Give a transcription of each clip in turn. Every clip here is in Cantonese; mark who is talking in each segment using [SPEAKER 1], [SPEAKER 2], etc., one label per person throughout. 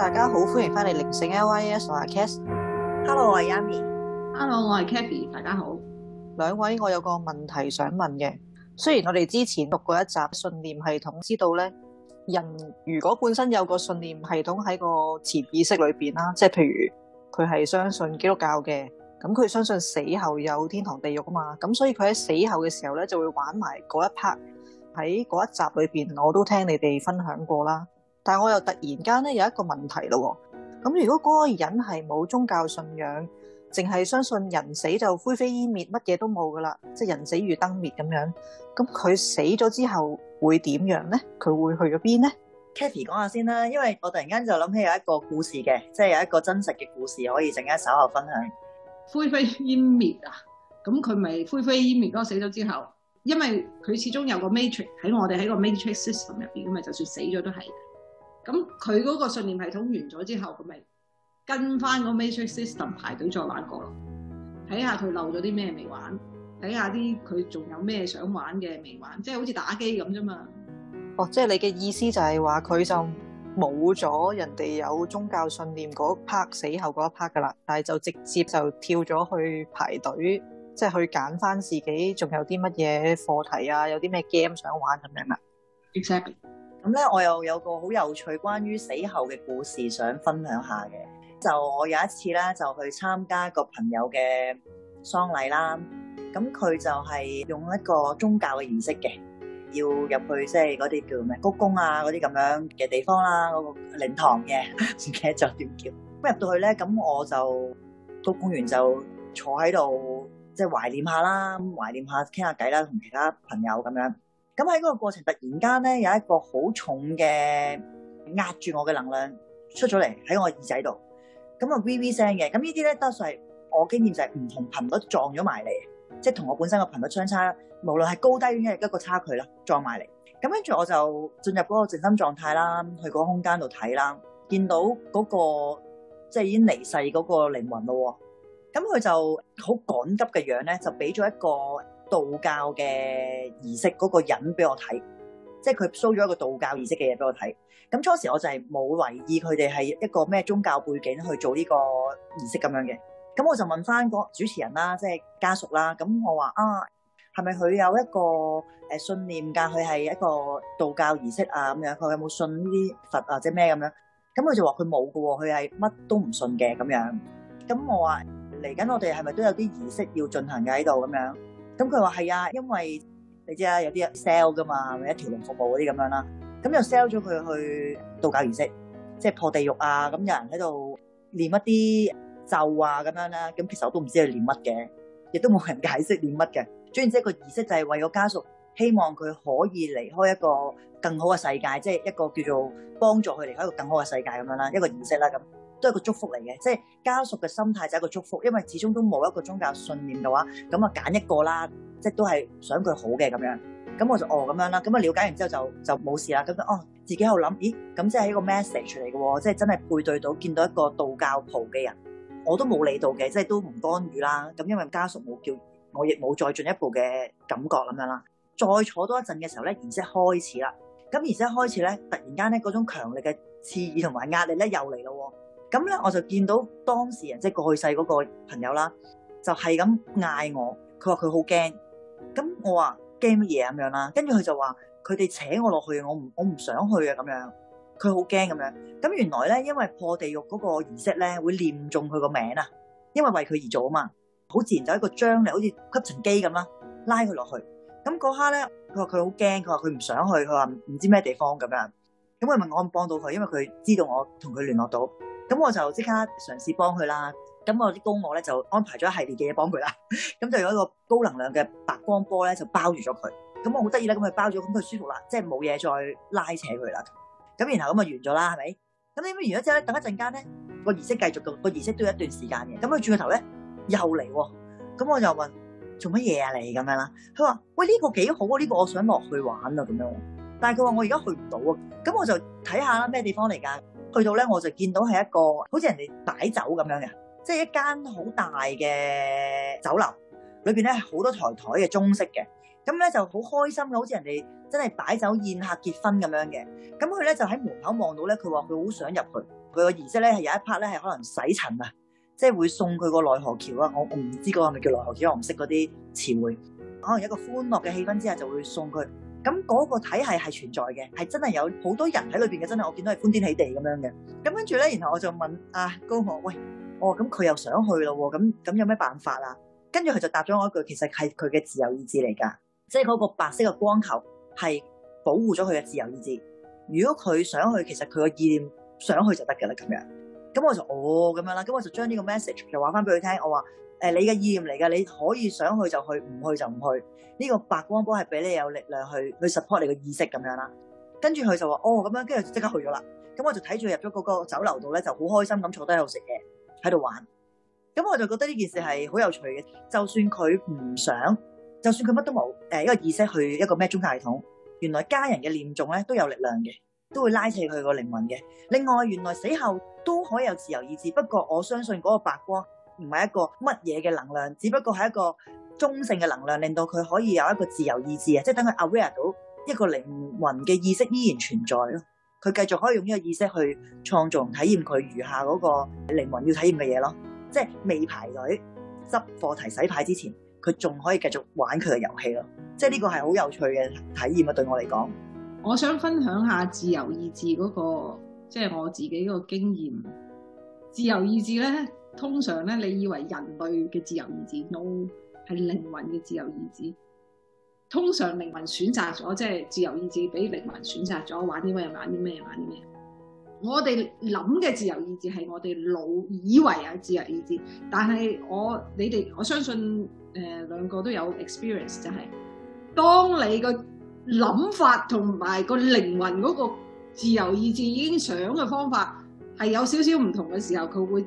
[SPEAKER 1] 大家好，歡迎翻嚟靈性 LYS，我係 Cass。Hello，我係 Yami。Hello，我係 Kathy。大家好，兩位我有個問題想問嘅。雖然我哋之前讀過一集信念系統，知道咧人如果本身有個信念系統喺個潛意識裏邊啦，即係譬如佢係相信基督教嘅，咁佢相信死後有天堂地獄啊嘛，咁所以佢喺死後嘅時候咧就會玩埋嗰一 part 喺嗰一集裏邊，我都聽你哋分享過啦。但係，我又突然間咧有一個問題咯。咁如果嗰個人係冇宗教信仰，淨係相信人死就灰飛煙滅，乜嘢都冇噶啦，即係人死如燈滅咁樣。咁佢死咗之後會點樣咧？佢會去咗邊咧
[SPEAKER 2] ？Kathy 講下先啦，因為我突然間就諗起有一個故事嘅，即係有一個真實嘅故事可以陣間稍後分享。
[SPEAKER 3] 灰飛煙滅啊！咁佢咪灰飛煙滅咯？死咗之後，因為佢始終有個 matrix 喺我哋喺個 matrix system 入邊噶咪就算死咗都係。咁佢嗰個信念系統完咗之後，咁咪跟翻個 matrix system 排隊再玩過咯，睇下佢漏咗啲咩未玩，睇下啲佢仲有咩想玩嘅未玩，即係好似打機咁啫嘛。
[SPEAKER 1] 哦，即係你嘅意思就係話佢就冇咗人哋有宗教信念嗰一 part 死後嗰一 part 噶啦，但係就直接就跳咗去排隊，即係去揀翻自己仲有啲乜嘢課題啊，有啲咩 game 想玩咁樣啦。Exactly.
[SPEAKER 2] 咁咧，我又有個好有趣關於死後嘅故事想分享下嘅。就我有一次咧，就去參加一個朋友嘅喪禮啦。咁佢就係用一個宗教嘅儀式嘅，要入去即係嗰啲叫咩？公宮啊，嗰啲咁樣嘅地方啦，嗰個靈堂嘅，唔記得咗點叫。咁入到去咧，咁我就都公園就坐喺度，即係懷念下啦，懷念下傾下偈啦，同其他朋友咁樣。咁喺嗰個過程突然間咧，有一個好重嘅壓住我嘅能量出咗嚟喺我耳仔度，咁啊微微聲嘅。咁呢啲咧，多數係我經驗就係、是、唔同頻率撞咗埋嚟，即係同我本身個頻率相差，無論係高低，都係一個差距啦。撞埋嚟。咁跟住我就進入嗰個靜心狀態啦，去嗰個空間度睇啦，見到嗰、嗰個即係、就是、已經離世嗰個靈魂咯。咁佢就好趕急嘅樣咧，就俾咗一個。道教嘅儀式嗰個人俾我睇，即係佢 show 咗一個道教儀式嘅嘢俾我睇。咁初時我就係冇懷疑佢哋係一個咩宗教背景去做呢個儀式咁樣嘅。咁我就問翻個主持人啦，即係家屬啦。咁我話啊，係咪佢有一個誒信念㗎？佢係一個道教儀式啊，咁樣佢有冇信呢啲佛或者咩咁樣？咁佢就話佢冇㗎喎，佢係乜都唔信嘅咁樣。咁我話嚟緊我哋係咪都有啲儀式要進行嘅喺度咁樣？咁佢話係啊，因為你知啊，有啲 sell 㗎嘛，係咪一條龍服務嗰啲咁樣啦？咁又 sell 咗佢去道教儀式，即係破地獄啊！咁有人喺度念一啲咒啊，咁樣啦，咁其實我都唔知佢念乜嘅，亦都冇人解釋念乜嘅。總言之，個儀式就係為咗家屬希望佢可以離開一個更好嘅世界，即係一個叫做幫助佢離開一個更好嘅世界咁樣啦，一個儀式啦咁。都係一個祝福嚟嘅，即係家屬嘅心態就係一個祝福，因為始終都冇一個宗教信念嘅話，咁啊揀一個啦，即係都係想佢好嘅咁樣。咁我就哦咁樣啦，咁啊了解完之後就就冇事啦。咁啊哦，自己喺度諗，咦咁即係喺個 message 嚟嘅喎，即係真係配對到見到一個道教袍嘅人，我都冇理到嘅，即係都唔干預啦。咁因為家屬冇叫我亦冇再進一步嘅感覺咁樣啦。再坐多一陣嘅時候咧，然之後開始啦。咁然之後開始咧，突然間咧嗰種強力嘅刺耳同埋壓力咧又嚟咯。咁咧，我就見到當事人即係過去世嗰個朋友啦，就係咁嗌我。佢話佢好驚，咁我話驚乜嘢咁樣啦？跟住佢就話佢哋請我落去，我唔我唔想去啊，咁樣佢好驚咁樣。咁原來咧，因為破地獄嗰個儀式咧會念中佢個名啊，因為為佢而做啊嘛，好自然就一個張力，好似吸塵機咁啦，拉佢落去。咁嗰刻咧，佢話佢好驚，佢話佢唔想去，佢話唔知咩地方咁樣。咁佢問我可唔幫到佢，因為佢知道我同佢聯絡到。咁我就即刻嘗試幫佢啦。咁我啲高我咧就安排咗一系列嘅嘢幫佢啦。咁 就有一個高能量嘅白光波咧就包住咗佢。咁我好得意咧，咁佢包咗，咁佢舒服啦，即係冇嘢再拉扯佢啦。咁然後咁就完咗啦，係咪？咁點知完咗之後咧，等一陣間咧個儀式繼續嘅，個儀式都有一段時間嘅。咁佢轉個頭咧又嚟喎。咁我就問做乜嘢啊？你咁樣啦，佢話：喂呢、這個幾好啊！呢、這個我想落去玩啊咁樣。但係佢話我而家去唔到啊。咁我就睇下啦，咩地方嚟㗎？去到咧，我就見到係一個好似人哋擺酒咁樣嘅，即係一間好大嘅酒樓，裏邊咧好多台台嘅中式嘅，咁咧就好開心，好似人哋真係擺酒宴客結婚咁樣嘅，咁佢咧就喺門口望到咧，佢話佢好想入去，佢個儀式咧係有一 part 咧係可能洗塵啊，即係會送佢個奈何橋啊，我我唔知嗰個係咪叫奈何橋，我唔識嗰啲詞彙，可能一個歡樂嘅氣氛之下就會送佢。咁、那、嗰個體系係存在嘅，係真係有好多人喺裏面嘅，真係我見到係歡天喜地咁樣嘅。咁跟住咧，然後我就問阿、啊、高學，喂，我話咁佢又想去咯喎，咁咁有咩辦法啊？跟住佢就答咗我一句，其實係佢嘅自由意志嚟㗎，即係嗰個白色嘅光球係保護咗佢嘅自由意志。如果佢想去，其實佢個意念想去就得㗎啦，咁樣。咁我就哦咁樣啦，咁我就將呢個 message 就話翻俾佢聽，我話。誒，你嘅意念嚟㗎，你可以想去就去，唔去就唔去。呢、這個白光波係俾你有力量去去 support 你個意識咁樣啦。跟住佢就話：哦，咁樣，跟住即刻去咗啦。咁我就睇住佢入咗嗰個酒樓度咧，就好開心咁坐低喺度食嘢，喺度玩。咁我就覺得呢件事係好有趣嘅。就算佢唔想，就算佢乜都冇，誒一個意識去一個咩宗教系統，原來家人嘅念重咧都有力量嘅，都會拉扯佢個靈魂嘅。另外，原來死後都可以有自由意志，不過我相信嗰個白光。唔係一個乜嘢嘅能量，只不過係一個中性嘅能量，令到佢可以有一個自由意志啊！即係等佢 aware 到一個靈魂嘅意識依然存在咯，佢繼續可以用呢個意識去創造、體驗佢餘下嗰個靈魂要體驗嘅嘢咯。即係未排隊執課題洗牌之前，佢仲可以繼續玩佢嘅遊戲咯。即係呢個係好有趣嘅體驗啊！對我嚟講，我想分享下自由意志嗰個，
[SPEAKER 3] 即係我自己個經驗。自由意志咧。通常咧，你以為人類嘅自由意志，no，係靈魂嘅自由意志。通常靈魂選擇咗，即係自由意志，俾靈魂選擇咗玩啲咩，玩啲咩，玩啲咩。我哋諗嘅自由意志係我哋腦以為有自由意志，但係我你哋我相信，誒、呃、兩個都有 experience，就係、是、當你個諗法同埋個靈魂嗰個自由意志已經想嘅方法係有少少唔同嘅時候，佢會。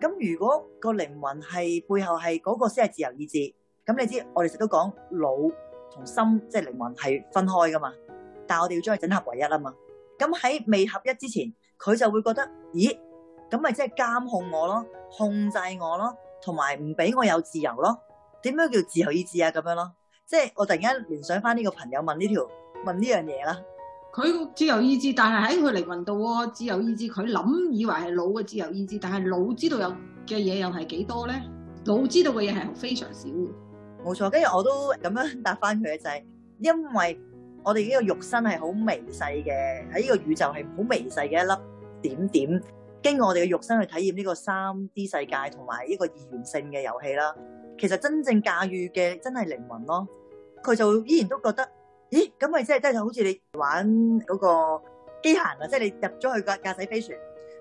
[SPEAKER 2] 咁如果個靈魂係背後係嗰個先係自由意志，咁你知我哋成日都講腦同心即係靈魂係分開噶嘛，但係我哋要將佢整合為一啦嘛。咁喺未合一之前，佢就會覺得咦，咁咪即係監控我咯，控制我咯，同埋唔俾我有自由咯。點樣叫自由意志啊？咁樣咯，即係我突然間聯想翻呢個朋友問呢條問呢樣嘢啦。佢個自由意志，但係喺佢靈魂度喎自由意志。佢諗以為係腦嘅自由意志，但係腦知道有嘅嘢又係幾多咧？腦知道嘅嘢係非常少嘅。冇錯，跟住我都咁樣答翻佢嘅就係、是，因為我哋呢個肉身係好微細嘅，喺呢個宇宙係好微細嘅一粒點點，經過我哋嘅肉身去體驗呢個三 D 世界同埋依個二元性嘅遊戲啦。其實真正駕馭嘅真係靈魂咯，佢就依然都覺得。咦，咁咪即係即係好似你玩嗰個機械啊，即係你入咗去架駕駛飛船，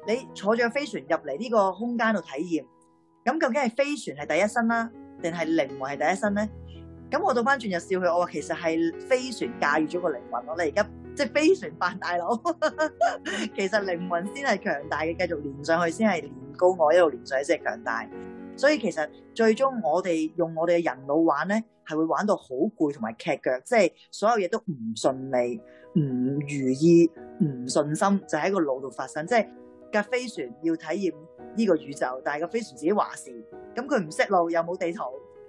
[SPEAKER 2] 你坐咗飛船入嚟呢個空間度體驗，咁究竟係飛船係第一身啦，定係靈魂係第一身咧？咁我倒翻轉就笑佢，我話其實係飛船駕馭咗個靈魂，我你而家即係飛船扮大佬， 其實靈魂先係強大嘅，繼續連上去先係連高我一路連上去先係強大。所以其實最終我哋用我哋嘅人腦玩咧，係會玩到好攰同埋劇腳，即係所有嘢都唔順利、唔如意、唔信心，就喺個腦度發生。即係架飛船要體驗呢個宇宙，但係個飛船自己話事，咁佢唔識路，又冇地圖，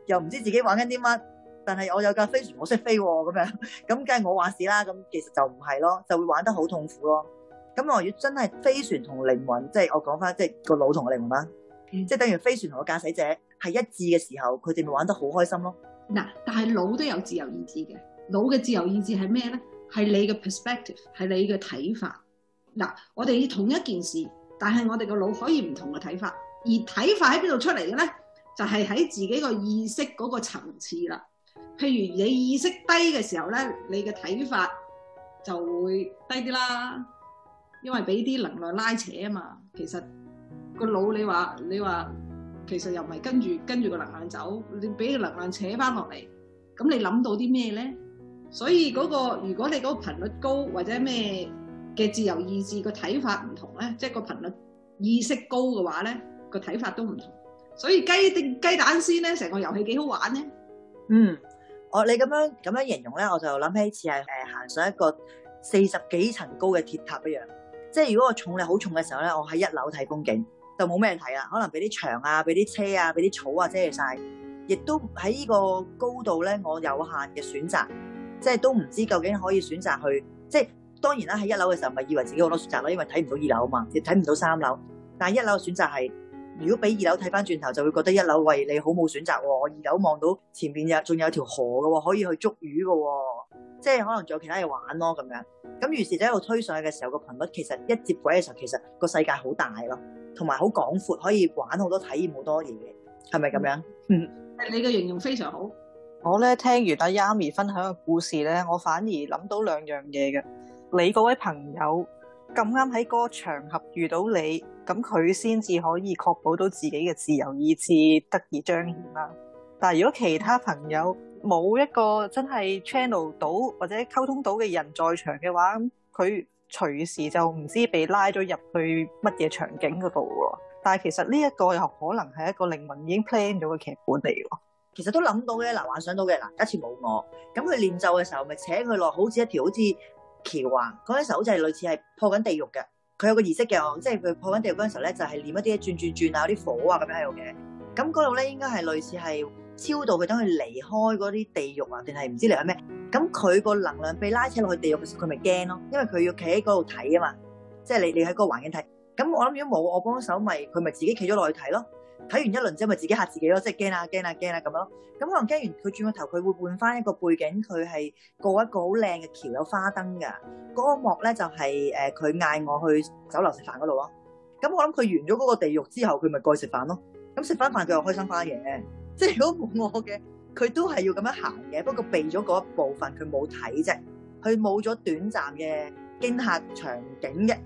[SPEAKER 2] 又唔知自己玩緊啲乜。但係我有架飛船，我識飛喎，咁樣，咁梗係我話事啦。咁其實就唔係咯，就會玩得好痛苦咯。咁我要真係飛船同靈魂，即係我講翻，即係個腦同個靈魂啦。即係等於飛船同個駕駛者係一致嘅時候，佢哋咪玩得好開心咯。嗱、嗯，但係腦都有自由意志嘅，腦嘅自由意志係咩咧？係你嘅 perspective，
[SPEAKER 3] 係你嘅睇法。嗱，我哋要同一件事，但係我哋個腦可以唔同嘅睇法。而睇法喺邊度出嚟嘅咧？就係喺自己個意識嗰個層次啦。譬如你意識低嘅時候咧，你嘅睇法就會低啲啦，因為俾啲能量拉扯啊嘛。其實。個腦，你話你話其實又唔係跟住跟住個能量走，你俾個能量扯翻落嚟，咁你諗到啲咩咧？所以嗰個如果你嗰個頻率高或者咩嘅自由意志個睇法唔同咧，即係個頻率意識高嘅話咧，個睇法都唔同。所以雞定雞蛋先咧？成個遊戲幾好玩咧。嗯，
[SPEAKER 2] 我你咁樣咁樣形容咧，我就諗起似係誒行上一個四十幾層高嘅鐵塔一樣，即係如果個重力好重嘅時候咧，我喺一樓睇風景，就冇咩睇啦，可能俾啲牆啊，俾啲車啊，俾啲草啊遮曬，亦都喺呢個高度呢。我有限嘅選擇，即係都唔知究竟可以選擇去，即係當然啦，喺一樓嘅時候咪以為自己好多選擇咯，因為睇唔到二樓啊嘛，亦睇唔到三樓。但係一樓嘅選擇係，如果俾二樓睇翻轉頭，就會覺得一樓，喂，你好冇選擇喎，我二樓望到前面仲有，有條河嘅喎，可以去捉魚嘅喎，即係可能仲有其他嘢玩咯咁樣。咁於是就喺度推上去嘅時候，個頻率其實一接軌嘅時候，其實個世界好大咯。同埋好廣闊，可以玩好多體驗好多嘢，嘅，係咪咁樣？
[SPEAKER 1] 嗯， 你嘅形容非常好。我咧聽完阿 Yami 分享嘅故事咧，我反而諗到兩樣嘢嘅。你嗰位朋友咁啱喺嗰個場合遇到你，咁佢先至可以確保到自己嘅自由意志得以彰顯啦。但係如果其他朋友冇一個真係 channel 到或者溝通到嘅人在場嘅話，佢隨時就唔知被拉咗入去乜嘢場景嗰度喎，但係其實
[SPEAKER 2] 呢一個又可能係一個靈魂已經 plan 咗嘅劇本嚟喎。其實都諗到嘅，嗱，幻想到嘅，嗱，一次冇我，咁佢練咒嘅時候咪請佢落，好似一條好似橋啊，嗰陣時候好似係類似係破緊地獄嘅，佢有個儀式嘅，即係佢破緊地獄嗰陣時候咧就係、是、練一啲轉轉轉啊，有啲火啊咁樣喺度嘅，咁嗰度咧應該係類似係。超度佢等佢離開嗰啲地獄啊，定係唔知離開咩咁？佢個能量被拉扯落去地獄嘅時候，佢咪驚咯，因為佢要企喺嗰度睇啊嘛。即係你你喺個環境睇咁，我諗如果冇我幫手，咪佢咪自己企咗落去睇咯。睇完一輪之後，咪自己嚇自己咯，即係驚啊驚啊驚啊咁咯。咁可能驚完佢轉個頭，佢會換翻一個背景，佢係過一個好靚嘅橋，有花燈嘅嗰個幕咧，就係誒佢嗌我去酒樓食飯嗰度咯。咁我諗佢完咗嗰個地獄之後，佢咪過去食飯咯。咁食翻飯，佢又開心花嘅。即係如果冇我嘅，佢都係要咁樣行嘅。不過避咗嗰一部分，佢冇睇啫，佢冇咗短暫嘅驚吓場景嘅。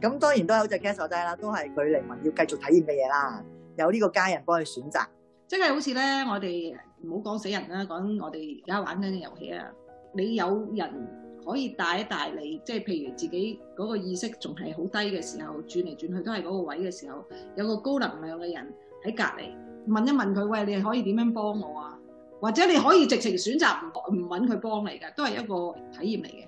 [SPEAKER 2] 咁 當然都有好隻 c a s 啦，都係佢靈魂要繼續體驗嘅嘢啦。有呢個家人幫佢選擇，
[SPEAKER 3] 即係好似咧，我哋唔好講死人啦，講我哋而家玩緊嘅遊戲啊。你有人可以帶一帶你，即係譬如自己嗰個意識仲係好低嘅時候，轉嚟轉去都係嗰個位嘅時候，有個高能量嘅人喺隔籬。問一問佢，喂，你可以點樣幫我啊？或者你可以直情選擇唔唔揾佢幫你嘅，都係一個體驗嚟嘅。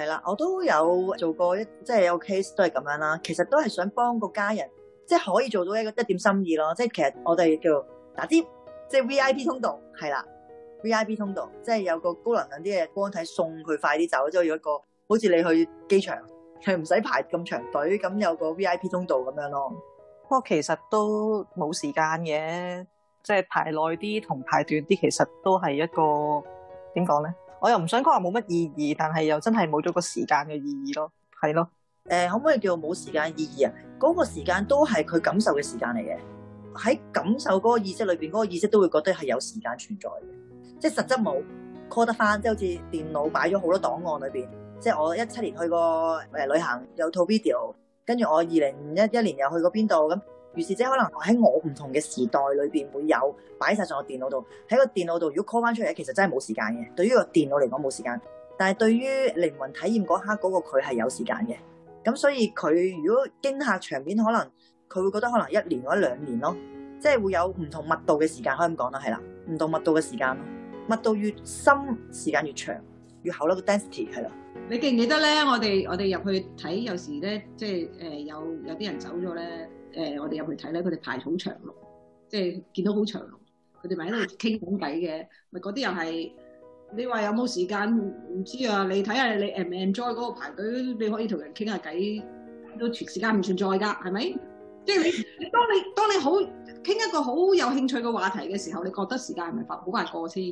[SPEAKER 2] 係啦，我都有做過一即係有 case 都係咁樣啦。其實都係想幫個家人，即係可以做到一個一點心意咯。即係其實我哋叫做打啲即係 VIP 通道，係啦，VIP 通道，即係有個高能量啲嘅光體送佢快啲走，即係有一個好似你去機場，佢唔使排咁長隊，咁有個 VIP 通道咁樣咯。不過其
[SPEAKER 1] 實都冇時間嘅，即係排耐啲同排短啲，其實都係一個點講咧？我又唔想講話冇乜意義，但係又真係冇咗個時間嘅
[SPEAKER 2] 意義咯，係咯？誒，可唔可以叫冇時間意義啊？嗰個時間都係佢感受嘅時間嚟嘅，喺感受嗰個意識裏邊，嗰個意識都會覺得係有時間存在嘅，即係實質冇 call 得翻，即係好似電腦擺咗好多檔案裏邊，即係我一七年去過誒旅行有套 video。跟住我二零一一年又去過邊度咁，於是即係可能喺我唔同嘅時代裏面會有擺晒在電腦度。喺個電腦度，如果 call 翻出嚟，其實真係冇時間嘅。對於個電腦嚟講冇時間，但係對於靈魂體驗嗰刻嗰個佢係有時間嘅。咁所以佢如果驚嚇場面，可能佢會覺得可能一年或者兩年咯，即係會有唔同密度嘅時間，可以咁講啦，係啦，唔同密度嘅時間咯，密度越深，時間越長，越厚咯個 density 係啦。
[SPEAKER 3] 你記唔記得咧？我哋我哋入去睇有時咧，即係誒、呃、有有啲人走咗咧，誒、呃、我哋入去睇咧，佢哋排好長龍，即係見到好長龍，佢哋咪喺度傾緊偈嘅，咪嗰啲又係你話有冇時間唔知啊？你睇下你 enjoy 嗰個排隊，你可以同人傾下偈，都全時間唔存在㗎，係咪？即係你你當你當你好傾一個好有興趣嘅話題嘅時候，你覺得時間係咪快好快過先？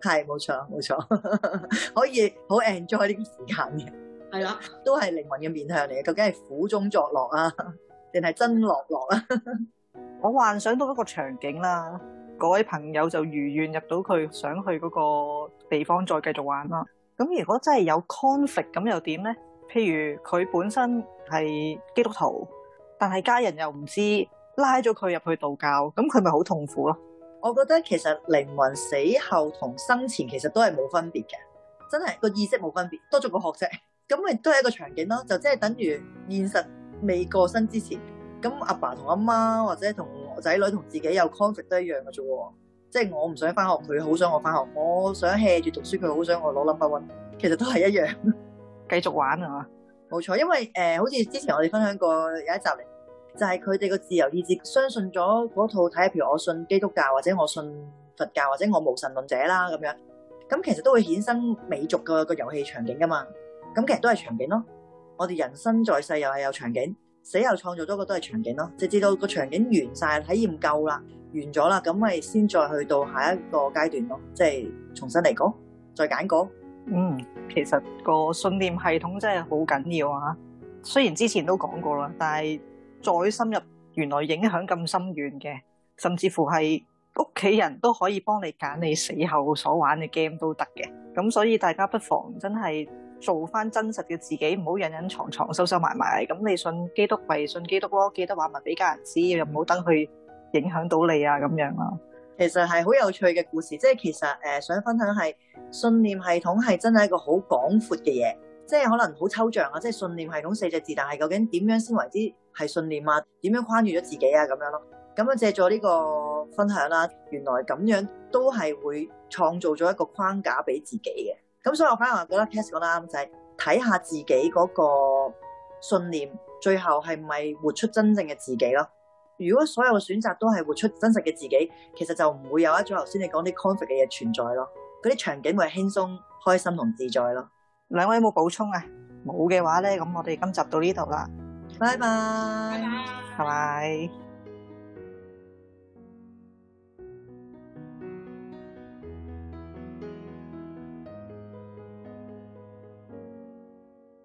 [SPEAKER 2] 係冇錯冇錯，沒錯沒錯 可以好 enjoy 呢啲時間嘅，係啦，都係靈魂嘅面向嚟嘅。究竟係苦中作樂啊，定係真樂樂啊？ 我幻想到一個場景啦，
[SPEAKER 1] 各位朋友就如願入到佢想去嗰個地方再繼續玩啦。咁如果真係有 conflict 咁又點咧？譬如佢本身係基督徒，但係家人又唔知
[SPEAKER 2] 拉咗佢入去道教，咁佢咪好痛苦咯？我覺得其實靈魂死後同生前其實都係冇分別嘅，真係個意識冇分別，多咗個殼啫。咁亦都係一個場景咯，就即係等於現實未過身之前，咁阿爸同阿媽，媽或者同仔女同自己有 conflict 都一樣嘅啫。即係我唔想返學，佢好想我返學；我想 hea 住讀書，佢好想我攞 number one。其實都係一樣，繼續玩係嘛？冇錯，因為誒、呃，好似之前我哋分享過有一集嚟。就係佢哋個自由意志相信咗嗰套睇，譬如我信基督教，或者我信佛教，或者我無神論者啦，咁樣咁其實都會衍生美俗嘅個遊戲場景㗎嘛。咁其實都係場景咯。我哋人生在世又係有場景，死後創造咗個都係場景咯。直至到個場景完晒，體驗夠啦，完咗啦，咁咪先再去到下一個階段咯。即係重新嚟過，再揀過。嗯，其實個信念系統真
[SPEAKER 1] 係好緊要啊。雖然之前都講過啦，但係。再深入，原來影響咁深遠嘅，甚至乎係屋企人都可以幫你揀你死後所玩嘅 game 都得嘅。咁所以大家不妨真係做翻真實嘅自己，唔好隱隱藏藏、收收埋埋。咁你信基督咪信基督咯，記得話埋俾家人知，又
[SPEAKER 2] 唔好等佢影響到你啊。咁樣咯，其實係好有趣嘅故事。即係其實誒、呃、想分享係信念系統係真係一個好廣闊嘅嘢，即係可能好抽象啊。即係信念系統四隻字，但係究竟點樣先為之？係信念啊，點樣框住咗自己啊，咁樣咯。咁樣借助呢個分享啦，原來咁樣都係會創造咗一個框架俾自己嘅。咁所以我反而覺得 cast 講得啱仔，睇下，就係，自己嗰個信念，最後係咪活出真正嘅自己咯？如果所有嘅選擇都係活出真實嘅自己，其實就唔會有一種頭先你講啲 conflict 嘅嘢存在咯。嗰啲場景會輕鬆、開心同自在咯。兩位有冇補充啊？
[SPEAKER 1] 冇嘅話咧，咁我哋今集到呢度啦。拜拜，拜拜。